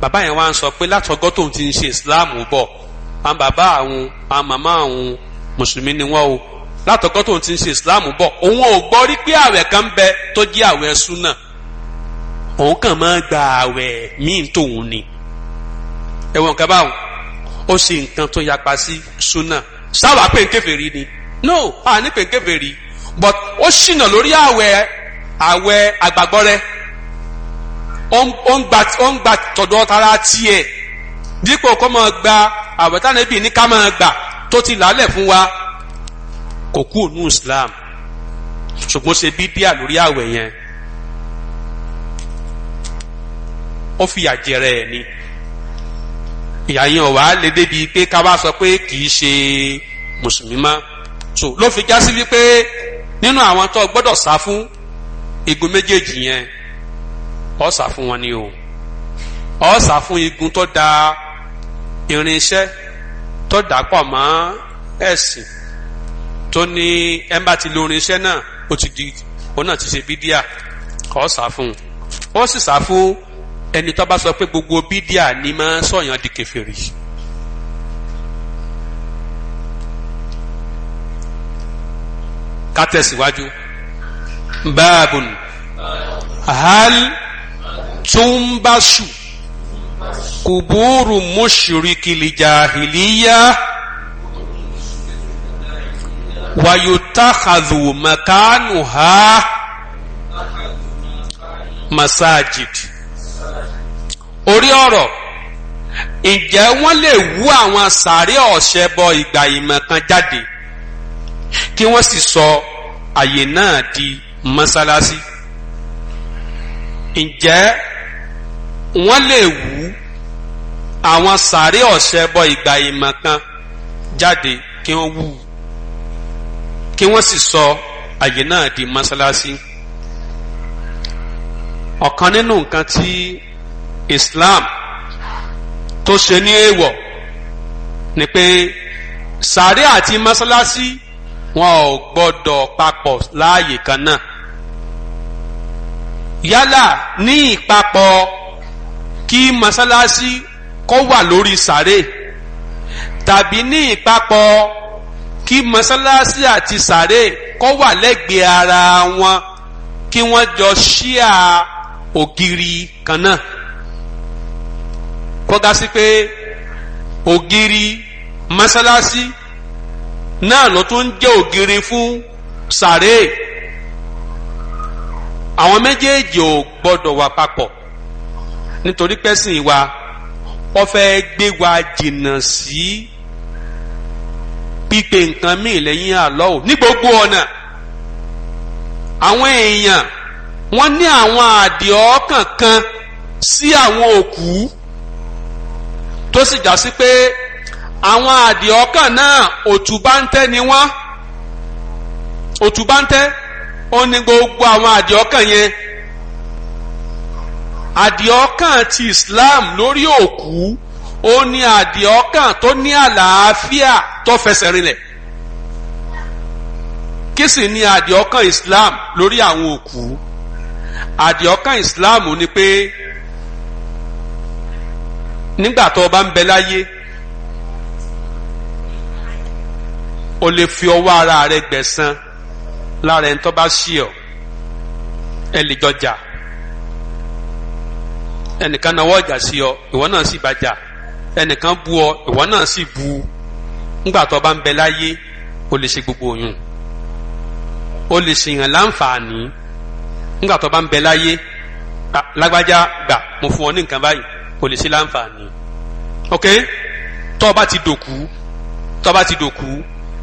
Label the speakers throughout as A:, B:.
A: bàbá yẹn wá ń sọ pé látọgọ́ tóun ti ń ṣe islam bọ̀ àwọn bàbá àwọn àwọn màmá àwọn mùsùlùmí ni wọ́n o látọgọ́ tóun ti ń ṣe islam bọ̀ òun ò gbọ́ rí pé àwẹ̀ kan bẹ tó jẹ́ àwẹ̀ súnà òun kàn máa gba àwẹ̀ míì tóun ni ẹ̀wọ̀n kan ó ṣe nǹkan tó yapa sí súnà sáwà pé nkèfèrí ni no àní pé nkèfèrí but ó ṣìnà lórí àwẹ̀ àwẹ̀ àgbàgbọ́ rẹ̀ ó ń gba tọ̀dọ̀ tara tiẹ̀ dípò kó máa gba àwẹ̀tánẹ́bì ní ká máa gbà tó ti làálẹ̀ fún wa kò kú ònú Islam ṣùgbọ́n ṣe bíbíà lórí àwẹ̀ yẹn ó fi àjẹrẹ ẹ̀ ni ìyá yẹn ọ̀ wá lè débi pé ká wá sọ pé kì í ṣe mùsùlùmí mọ́ ló fi já sí wípé nínú àwọn tó gbọ́dọ̀ sá fún igun méjèèjì yẹn ọ̀sà fún wọn ni o ọ̀sà fún igun tó da irinṣẹ́ tó dàpọ̀ mọ́ ẹ̀sìn tó ní ẹ̀mbà ti lo irinṣẹ́ náà ó ti di òun náà ti ṣe bídíà ọ̀sà fún ó sì sà fún ẹni tó bá sọ pé gbogbo bídíà ni máa sọ̀yàn di kèfèrí. ká tẹ̀síwájú báàbùn hal túnbàṣù kùbúrù mùṣìríkìlì jàhìlíyà wàyùtàkàdù màkánùhà masajid orí ọ̀rọ̀ ǹjẹ́ wọ́n lè wú àwọn sàárẹ̀ ọ̀ṣẹ́ bọ ìgbà ìmọ̀ kan jáde kí wọ́n sì sọ àyè náà di mọ́sálásí ǹjẹ́ wọ́n lè wú àwọn sàárè ọ̀sẹ̀ bọ ìgbà ìmọ̀ kan jáde kí wọ́n wú kí wọ́n sì sọ àyè náà di mọ́sálásí ọ̀kan nínú nǹkan tí Islam tó ṣe ní èèwọ̀ ni pé sàárè àti mọ́sálásí wọn ò gbọ́dọ̀ papọ̀ láàyè kan náà yálà ní ìpapọ̀ kí masalasi kọ́ wà lórí sàré tàbí ní ìpapọ̀ kí masalasi àti sàré kọ́ wà lẹ́gbẹ̀ẹ́ ara wọn kí wọ́n jọ ṣíà ògiri kan náà kọ́gá sí pé ògiri masalasi náà ló tún jẹ́ ògiri fún sàré àwọn méjèèjì ò gbọ́dọ̀ wà papọ̀ nítorí pesin wa wọ́n fẹ́ gbé wa jìnnà sí pípe nǹkan míì lẹ́yìn àlọ́ ò ní gbogbo ọ̀nà àwọn èèyàn wọ́n ní àwọn àdìọ́ kankan sí àwọn òkú tó sì já sí pé àwọn àdìọ́ kan náà òtúbáńtẹ́ ni wọ́n òtúbáńtẹ́ ó ní gbogbo àwọn àdìọ́ kan yẹn àdìọ́kàn ti Islam lórí òkú ó ní àdìọ́kàn tó ní àlàáfíà tó fẹsẹ̀ rinlẹ̀ kí ní àdìọ́kàn Islam lórí àwọn òkú àdìọ́kàn Islam ni pé nígbà tó o bá ń bẹ láyé o lè fi ọwọ́ ara rẹ gbẹ̀san lára ẹni tó bá ṣí ọ ẹ lè jọjà ẹnìkan náà wọ́ọ̀jà sí ọ ìwọ náà sì bá jà ẹnìkan bú ọ ìwọ náà sì bú ńgbà tó bá ń bẹ láyé o lè ṣe gbogbo oyún o lè ṣèyàn láǹfààní ńgbà tó bá ń bẹ láyé lágbájá gbà mo fún ọ ní nǹkan báyìí o lè ṣe láǹfààní ok tó bá ti dòkú tó bá ti dòkú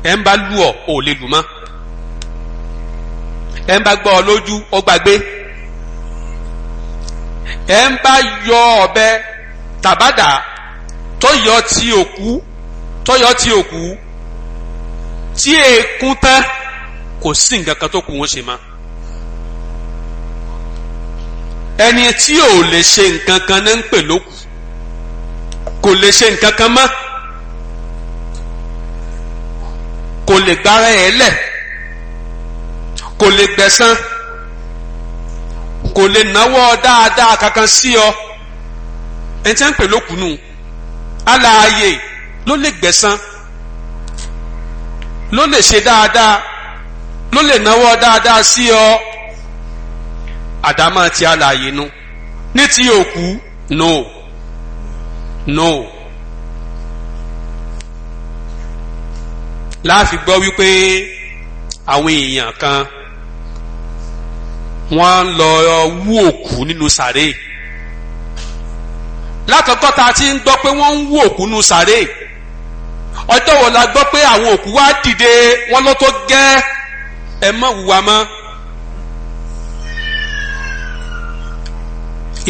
A: ẹ ń bá lù ọ ò lè lù mọ́ ẹ ń bá gbọ́ ọ lójú ó ẹ ń bá yọ ọ̀bẹ tàbádà tọyọ ti òkú tọyọ ti òkú tí èèkún tán kò sí nǹkan kan tó kù wọn ṣe mọ́ ẹni tí ò lè ṣe nǹkan kan ní ń pè lókù kò lè ṣe nǹkan kan mọ́ kò lè gbára ẹ̀ lẹ̀ kò lè gbẹ̀san kò lè náwó dáadáa kankan sí ọ ẹni tí wọ́n ń pè lókùnù alààyè ló lè gbẹ̀san ló lè ṣe dáadáa ló lè náwó dáadáa sí ọ àdámọ́ ti alààyè nu ní ti òkú no no láàfin gbọ́ wípé àwọn èèyàn kan wọ́n lọ wú òkú nínú sàré lákọ̀ọ́kọ́ tá a ti ń gbọ́ pé wọ́n ń wú òkú nínú sàré ọjọ́ wo la gbọ́ pé àwọn òkú wá dìde wọ́n ló tó gẹ́ ẹ mọ́ wùwà mọ́.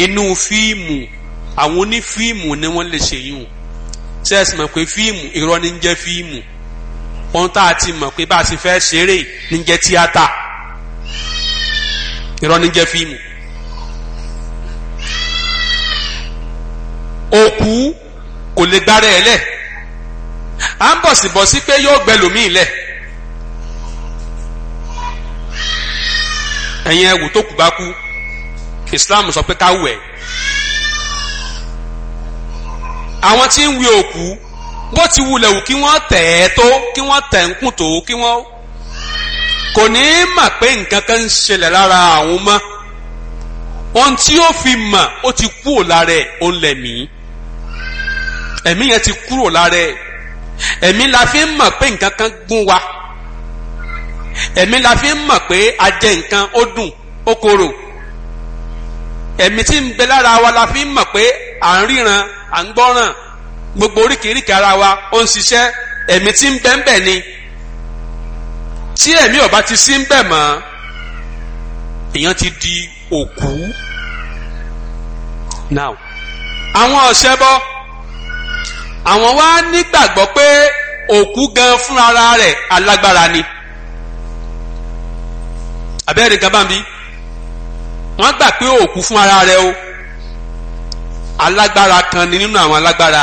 A: inú fíìmù àwọn onífíìmù ni wọ́n lè ṣe yìí o ṣe é sì mọ̀ pé fíìmù irọ́ ni ń jẹ́ fíìmù ohun tá a ti mọ̀ pé bá a ti fẹ́ ṣeré ní jẹ́ tíátà irọ́ ní jẹ́ fíìmù òkú kò lè gbára ẹ̀ lẹ̀ à ń bọ̀sibọ̀sí pé yóò gbẹ lòmíì lẹ̀ ẹ̀yin ẹ̀wù tó kù bá kú Islam sọ pé ká wẹ̀ àwọn tí ń wí òkú bó ti wulẹ̀ wù kí wọ́n tẹ̀ ẹ́ tó kí wọ́n tẹ̀ ń kùn tó kí wọ́n kò ní í mà pé nǹkan kan ń ṣẹlẹ̀ lára àwọn mọ́ ohun tí ó fi mà ó ti kúrò lára ẹ̀ ó ń lẹ̀mí ẹ̀mí yẹn ti kúrò lára ẹ̀ ẹ̀mí la fi ń mọ̀ pé nǹkan kan gún wa ẹ̀mí la fi ń mọ̀ pé a jẹ nǹkan ó dùn ó korò ẹ̀mí tí ń bẹ lára wa la fi ń mọ̀ pé à ń ríran à ń gbọ́ràn gbogbo oríkèéríkèé ara wa ó ń ṣiṣẹ́ ẹ̀mí tí ń bẹ́ńbẹ́ ni tí ẹ̀mí ọba ti sí ń bẹ̀ mọ́ èèyàn ti di òkú now àwọn ọ̀sẹ̀ bọ́ àwọn wá nígbàgbọ́ pé òkú gan fúnra rẹ̀ alágbára ni abẹ́rẹ́ nǹkan bá ń bí wọ́n gbà pé òkú fúnra rẹ̀ o alágbára kan ni nínú àwọn alágbára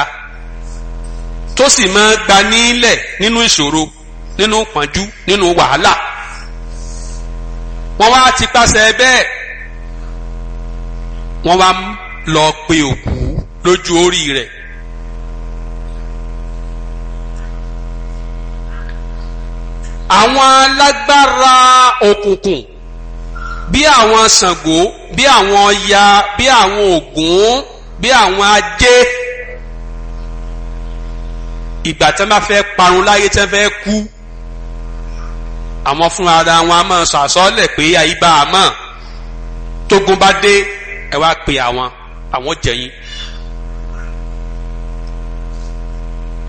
A: tó sì máa gba nílẹ̀ nínú ìṣòro nínú pọ́njú nínú wàhálà wọ́n wá ti pàṣẹ bẹ́ẹ̀ wọ́n wá lọ pe òkú lójú orí rẹ̀ àwọn alágbára òkùnkùn bí àwọn Ṣàngó bí àwọn Ọya bí àwọn Ògún bí àwọn ajé ìgbà tí wọ́n bá fẹ́ parun láyé tí wọ́n fẹ́ kú àwọn fún ara wọn a máa sọ àsọlẹ̀ pé àyíbá àmọ́ tógun bá dé ẹ wá pe àwọn àwọn jẹ̀yìn.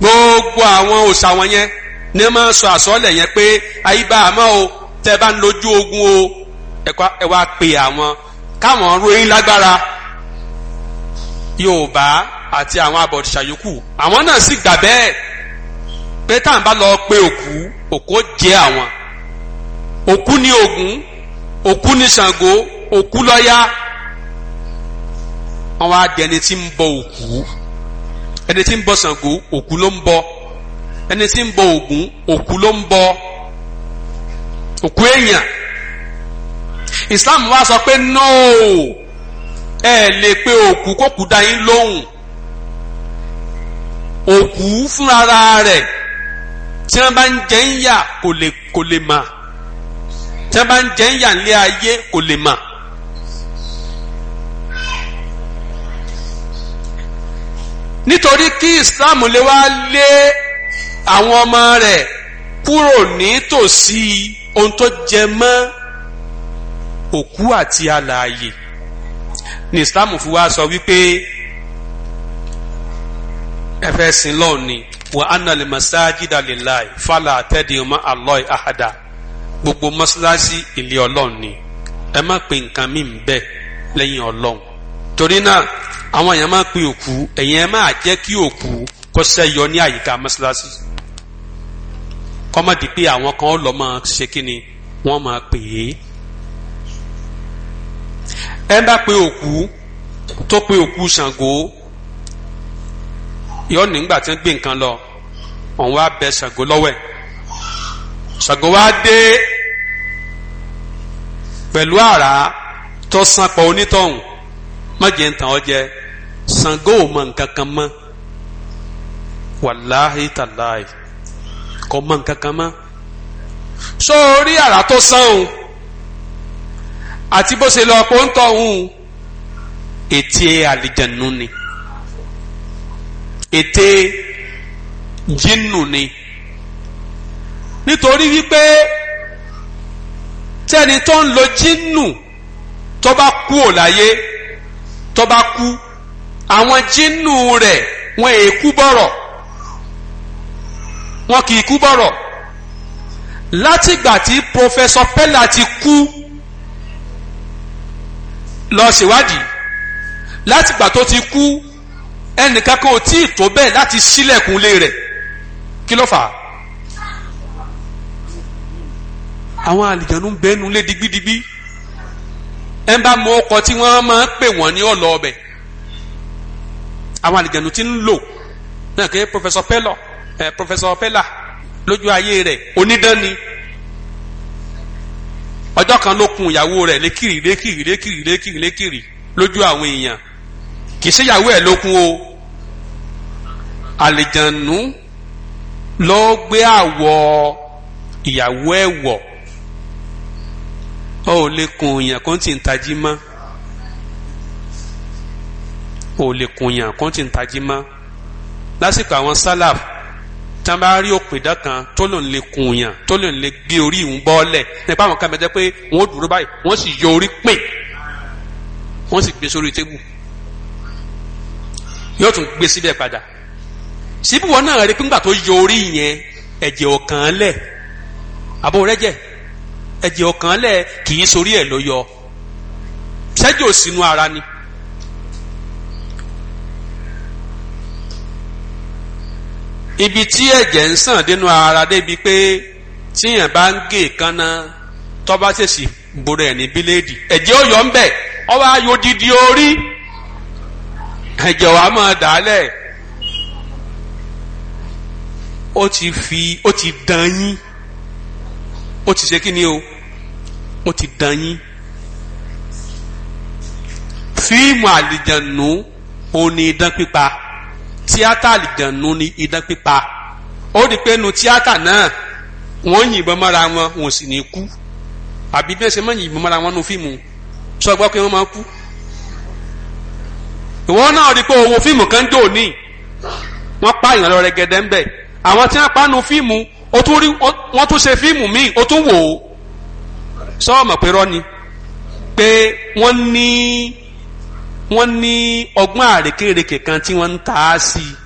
A: gbogbo àwọn òòṣà wọn yẹn ní máa sọ àsọlẹ̀ yẹn pé àyíbá àmọ́ o tẹ́ bá ń lójú ogun o ẹ wá pe àwọn káwọn ròyìn lágbára yorùbá àti àwọn abọ̀dìṣà yòókù àwọn náà sì gbà bẹ́ẹ̀ pé tá à ń bá lọ pé òkú òkú jẹ́ àwọn òkú ni Ògún òkú ni Ṣàngó òkú lọ́yà wọ́n wá di ẹni tí ń bọ òkú ẹni tí ń bọ Ṣàngó òkú ló ń bọ ẹni tí ń bọ Ògún òkú ló ń bọ òkú èèyàn Islam wa sọ pé no ẹ lè pe òkú kókù dá yín lóhùn òkú fúnra rẹ̀ tí wọ́n bá ń jẹ ń yà kò lè kò lè mà tí wọ́n bá ń jẹ́ ń yà nílé ayé kò lè mà. nítorí kí Islam lè wá lé àwọn ọmọ rẹ̀ kúrò nítòsí ohun tó jẹ mọ́ òkú àti alààyè ni Islam fi wá sọ wípé ẹ sin lọ́ọ̀ ni wa anna al-masajida lillahi fala tad'u ma'a Allahi ahada gbogbo mọ́ṣáláṣí ilé ọlọ́run ni ẹ má pe nǹkan mí bẹ́ẹ̀ lẹ́yìn ọlọ́run torí náà àwọn èèyàn máa pe òkú ẹ̀yìn ẹ máa jẹ́ kí òkú kó ṣẹ́yọ ní àyíká mọ́ṣáláṣí kọ́mọ̀dé pé àwọn kan ó máa ṣe kí ni wọ́n máa pè é ẹ bá pe òkú tó pe òkú Ṣàngó yọ nígbà tí wọ́n gbé nǹkan lọ òun wá bẹ Ṣàngó lọ́wẹ̀ Ṣàngó wá dé pẹ̀lú àrà tó sanpọ̀ onítọ̀hún mọ̀jẹ̀ ń tàn ọ́ jẹ Ṣàngó ò mọ nǹkan kan mọ́ wàláhì tàláì kò mọ nǹkan kan mọ́ sórí àrà tó sàn òun àti bó ṣe lọ pé ó ń àlìjẹ̀nu ni ète jínù ni nítorí wípé tẹ́ni tó ń lo jínù tó bá kú ò láyé tó bá kú àwọn jínù rẹ̀ wọn èé kú bọ̀rọ̀ wọn kì í kú bọ̀rọ̀ látìgbà tí pọfẹsọ pẹlá ti kú lọ ṣèwádìí látìgbà tó ti kú ẹnìkan kan ò tí ì tó bẹ́ẹ̀ láti ṣílẹ̀kùnlé rẹ̀ kí ló fà á àwọn àlìjánu ń bẹ́nu lé digbidigbi ẹ bá mọ ọkọ tí wọ́n máa ń pè wọ́n ní ọ̀lọ́ ọbẹ̀ àwọn àlìjánu ti ń lò náà kí pọfẹsọ pẹlọ ẹ pọfẹsọ pẹlà lójú ayé rẹ̀ onídán ni ọjọ́ kan ló kun ìyàwó rẹ̀ lékiri lékiri lékiri lékiri lékiri lójú àwọn èèyàn kì í ṣèyàwó ẹ̀ ló kun o àlìjánu ló gbé àwọ̀ ìyàwó ẹ̀ wọ̀ ọ ò lè kun èèyàn kan tí ń tají mọ́ ò lè kun èèyàn kan tí ń tají mọ́ lásìkò àwọn sálàf tí wọ́n bá rí òpìdá kan tó lòun lè kun èèyàn tó lòun lè gbé orí ìhùn bọ́ọ̀lẹ̀ nípa àwọn kan mẹ́tẹ́ pé wọ́n dúró báyìí wọ́n sì yọ orí pè wọ́n sì gbé sórí tébù yóò tún gbé síbẹ̀ padà síbí náà rí pé tó yọ orí yẹn ẹ̀jẹ̀ ọ̀kan lẹ̀ àbò ẹ̀jẹ̀ ọ̀kan lẹ̀ kì í sorí ẹ̀ ló yọ ṣẹ́jọ́ sínú ara ni. ibi tí ẹ̀jẹ̀ ń sàn dénú ara débi pé tíyàn bá ń gé èékánná tó bá ṣèṣì gbòòrò ẹ̀ ní bíléèdì ẹ̀jẹ̀ ó yọ ń bẹ̀ ó wá yọ didi orí ẹ̀jẹ̀ wàá máa dàálẹ̀ ó ti fi ó ti dán yín ó ti ṣe kí ni o wọ́n ti dán yín fíìmù àlìjànú òun ni idán pípa tíátà àlìjànú ni idán pípa ó di pé nu tíátà náà wọ́n yìnbọn mọ́ra wọn wọn sì ní kú àbí bẹ́ẹ̀ ṣe máa yìnbọn mọ́ra wọn nu fíìmù sọ gbọ́ pé wọ́n máa kú ìwọ náà di pé òun fíìmù kan dò ní wọ́n pààyàn lọ rẹ̀ gẹ̀dẹ̀ ń bẹ̀ àwọn tí wọ́n pa nu fíìmù wọ́n tún ṣe fíìmù míì ó tún wò ó sọ́ọ̀mọ̀ pé rọ́ni pé wọ́n ní wọ́n ní ọgbọ́n àrékèrèkè kan tí wọ́n ń ta á sí i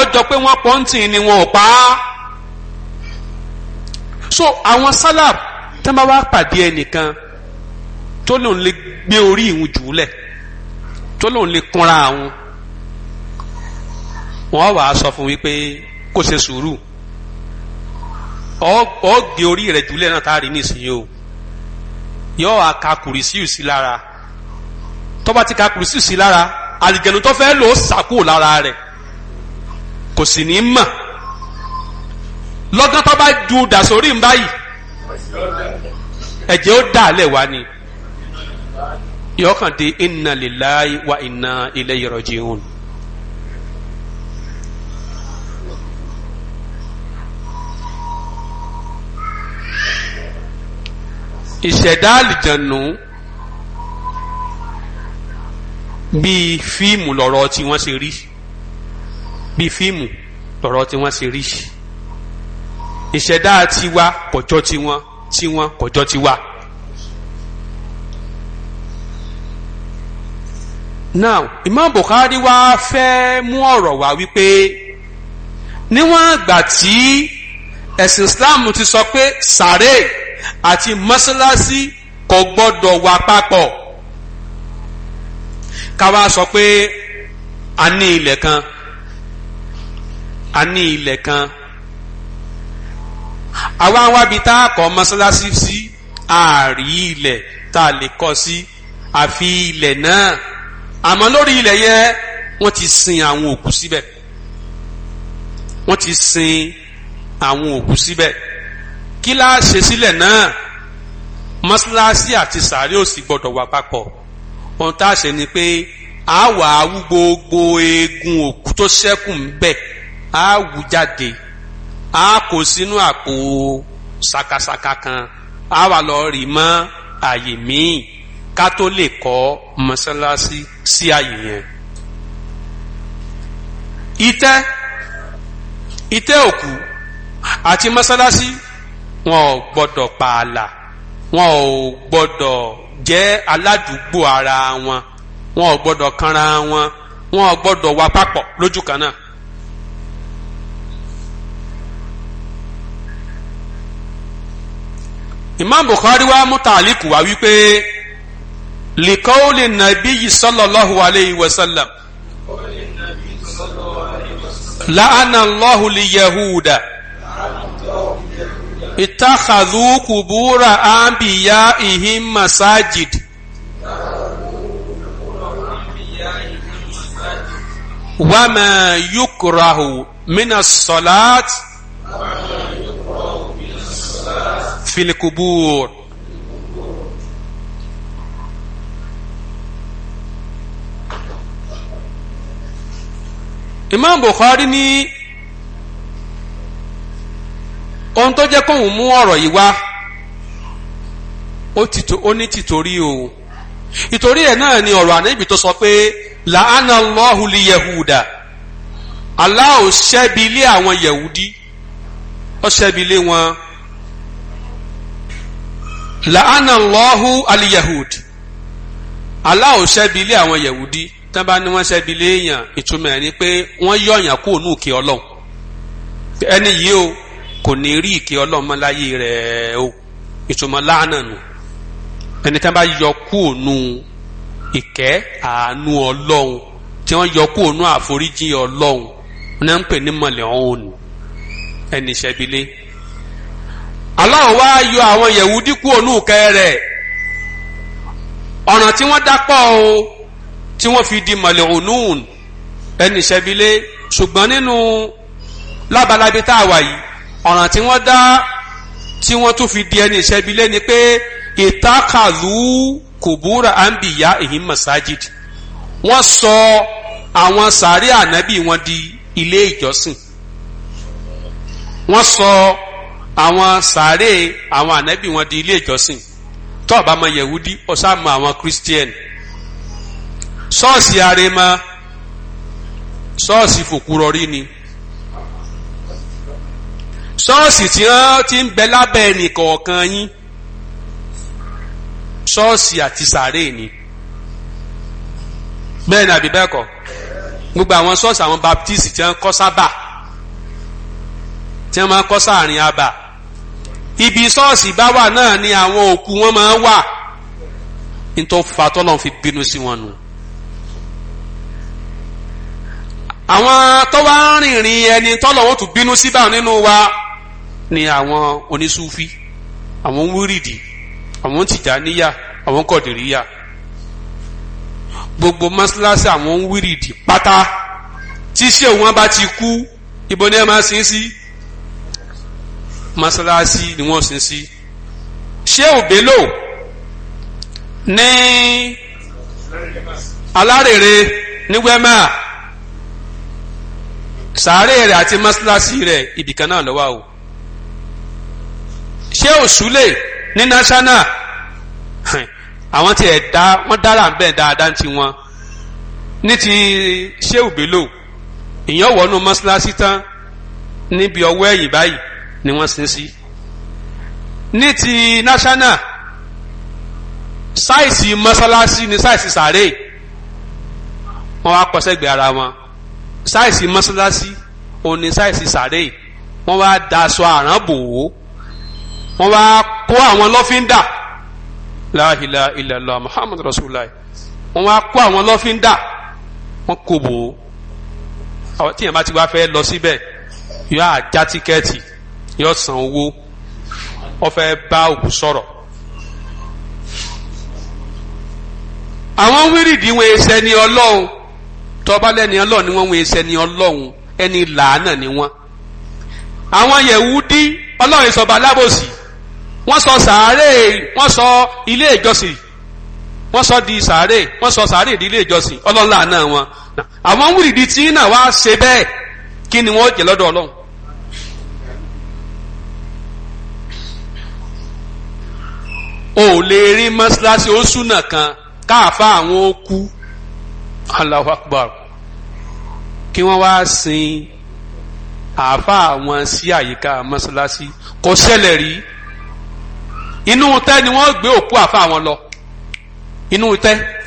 A: ọjọ́ pé wọ́n pọ́ǹtì ni wọn ò pa á so àwọn sálàb tí wọ́n bá wá pàdé ẹnìkan tó lòun lè gbé orí ìhun jù ú lẹ̀ tó lòun lè kúnra àwọn wọ́n wàá sọ fún wípé kó ṣe sùúrù ọ gbé orí rẹ̀ jùlẹ̀ náà tá a rí nísìnyí o yóò wá ka kùrìsíù sí lára tó bá ti ka kùrìsíù sí lára àlìjẹ̀nu tó fẹ́ lò ó sàkó lára rẹ̀ kò sì ní mọ̀ lọ́gán tó bá dàsórí ń báyìí ẹ̀jẹ̀ ó dà lẹ̀ wá ni yọ̀ọ́kàn dé inna lillahi wa inna ilayhi raji'un. ìṣẹ̀dá àlìjànù bíi fíìmù lọ̀rọ̀ tí wọ́n ṣe rí bíi fíìmù lọ̀rọ̀ tí wọ́n ṣe rí ìṣẹ̀dá tiwa kọjọ́ tiwọn tiwọn kọjọ́ tiwa. now Imam Bukhari wá fẹ́ mú ọ̀rọ̀ wá wípé níwọ̀n àgbà tí ẹ̀sìn Islam ti sọ pé sàréè àti mọ́sálásí kò gbọ́dọ̀ wà papọ̀ káwa sọ pé a ní ilẹ̀ kan a ní ilẹ̀ kan àwa wábi tá a kọ́ mọ́sálásí sí àárí ilẹ̀ tá a lè kọ́ sí àfi ilẹ̀ náà àmọ́ lórí ilẹ̀ yẹn wọ́n ti sin àwọn òkú síbẹ̀ wọ́n ti sin àwọn òkú síbẹ̀. Si kila láà ṣe sílẹ̀ náà mọ́ṣáláṣí àti sàárè ò sì gbọ́dọ̀ wà papọ̀ ohun tá a ṣe ni pé a wà á wú gbogbo eegun òkú tó ṣẹ́kù ń bẹ̀ a wú jáde a kó sínú àpò ṣàkàṣàkà kan a wà lọ rì mọ́ àyè míì ká tó lè kọ́ mọ́ṣáláṣí sí àyè yẹn. ìtẹ́ ìtẹ́ òkú àti mọ́ṣáláṣí wọn ò gbọ́dọ̀ pààlà wọn ò gbọ́dọ̀ jẹ́ aládùúgbò ara wọn wọn ò gbọ́dọ̀ kanra wọn wọn ò gbọ́dọ̀ wà papọ̀ lójú kan náà. Imam Bukhari wa mutaliku wa wípé likawuli nabiyyi sallallahu alayhi wa sallam la'ana allahu liyahuda. La اتخذوا قبور أنبيائهم مساجد وما يكره من الصلاة في القبور إمام بخاري ohun tó jẹ́ kóun mú ọ̀rọ̀ yìí wá ó ní tìtorí o ìtorí ẹ̀ náà ni ọ̀rọ̀ ànábì tó sọ pé làánà lọ́hùn lè yẹ̀hùdà ṣẹ́bi ilé àwọn yẹ̀hùdí ó ṣẹ́bi ilé wọn làánà lọ́hùn aliyahud aláwo ṣẹ́bi ilé àwọn yẹ̀hùdí tán bá ní wọ́n ṣẹ́bi ilé èèyàn ìtumọ̀ ẹ̀ ni pé wọ́n yọ̀yàn kúrò ní òkè ọlọ́run ẹni o kò ní rí ìkẹ́ ọlọ́mọ láyé rẹ̀ o ìtumọ̀ láàánà nù ẹni tí wọ́n bá yọ kúò nù ìkẹ́ àánú ọlọ́run tí wọ́n yọ kúò nù àforíjì ọlọ́run wọn náà ń pè ní mọ̀lẹ́ ọ̀hún nù ẹni ìṣẹ́bílé Allah wá yọ àwọn Yẹ̀wúdí kúò nù kẹ́ rẹ̀ ọ̀nà tí wọ́n dápọ̀ o tí wọ́n fi di mọ̀lẹ́ ọ̀hún ẹni ìṣẹ́bílé ṣùgbọ́n nínú lábalábí tá a wà yìí ọ̀ràn tí wọ́n dá tí wọ́n tún fi di ẹni ìṣẹ́bi lé ni pé ìtàkàlù kòbúrà àǹbìyá ìhìn masajid wọ́n sọ àwọn sàárè ànábì wọn di ilé ìjọsìn wọ́n sọ àwọn sàárè àwọn ànábì wọn di ilé ìjọsìn tó o mọ yẹ̀wúdí o àwọn kírísítíẹ̀nì ṣọ́ọ̀ṣì àrèmọ ṣọ́ọ̀ṣì fòkúrọ̀rí ni. So, si ṣọ́ọ̀ṣì tí wọ́n ti ń bẹ lábẹ́ ẹnìkọ̀ọ̀kan yín ṣọ́ọ̀ṣì àti sàárè ni bẹ́ẹ̀ ni àbí bẹ́ẹ̀ kọ́ gbogbo àwọn ṣọ́ọ̀ṣì àwọn baptist tí wọ́n kọ́ sábà tí wọ́n máa kọ́ sáàrin abà ibi ṣọ́ọ̀ṣì bá wà náà ni àwọn òkú wọn máa wà nítorí fatọ́lọ́n fi bínú sí wọn nù. àwọn tó wá ń rìnrìn ẹni tọ́lọ̀ wọn tún bínú sí nínú wa ni àwọn onísúfí àwọn wíìrìdì àwọn tìjàníyà àwọn kọ̀dìríyà gbogbo mọ́sálásí àwọn wíìrìdì pátá tí ṣé wọn bá ti kú ibo ni ẹ máa sin sí mọ́sálásí ni wọ́n sin sí ṣé òbélò ní alárèrè ní wẹ́mà sàárè rẹ̀ àti mọ́sálásí rẹ̀ ibìkan náà ló o ṣé òṣùlẹ̀ ní national àwọn tiẹ̀ dá wọ́n dára ń bẹ̀ dáadáa ti wọn ní ti ṣéwù Bello ìyẹn wọnú mọ́ṣáláṣí tán níbi ọwọ́ ẹ̀yìn báyìí ni wọ́n sin sí ní ti national sáìsì mọ́ṣáláṣí ni sáìsì sàárè wọ́n wá kọ́sẹ́gbẹ̀ ara wọn sáìsì mọ́ṣáláṣí òun ni sáìsì sàárè wọ́n wá daṣọ àrán bò wọ́n wá kó àwọn lọ́fíńdà láhìlá ìlàlá muhammed rasulillah wọ́n wá kó àwọn lọ́fíńdà wọ́n kò bò ó tí yẹn bá ti wá fẹ́ lọ síbẹ̀ yóò àjá tíkẹ́ẹ̀tì yóò san owó wọ́n fẹ́ bá òkú sọ̀rọ̀. àwọn wíìrìdì wọn ẹsẹ ní ọlọ́run tọ́ba lẹ́ni ọlọ́run ni wọ́n wọn ẹsẹ ní ọlọ́run ẹni làánà ni wọ́n. àwọn yẹ̀wù dí ọlọ́run ìsọ̀bà lábòsí wọ́n sọ sàárè wọ́n sọ ilé ìjọsìn wọ́n sọ di sàárè wọ́n sọ sàárè di ilé ìjọsìn ọlọ́lá náà wọn. àwọn wúrìdì tí náà wá ṣe bẹ́ẹ̀ kí ni wọ́n jẹ lọ́dọ̀ ọlọ́run. o lè rí mọ́ṣáláṣí oṣù náà kan káàfa àwọn okú Allahu kí wọ́n wá sin àáfà àwọn sí àyíká mọ́ṣáláṣí kò ṣẹlẹ̀ rí inú tẹ́ ni wọ́n gbé òkú àfa àwọn lọ inú tẹ́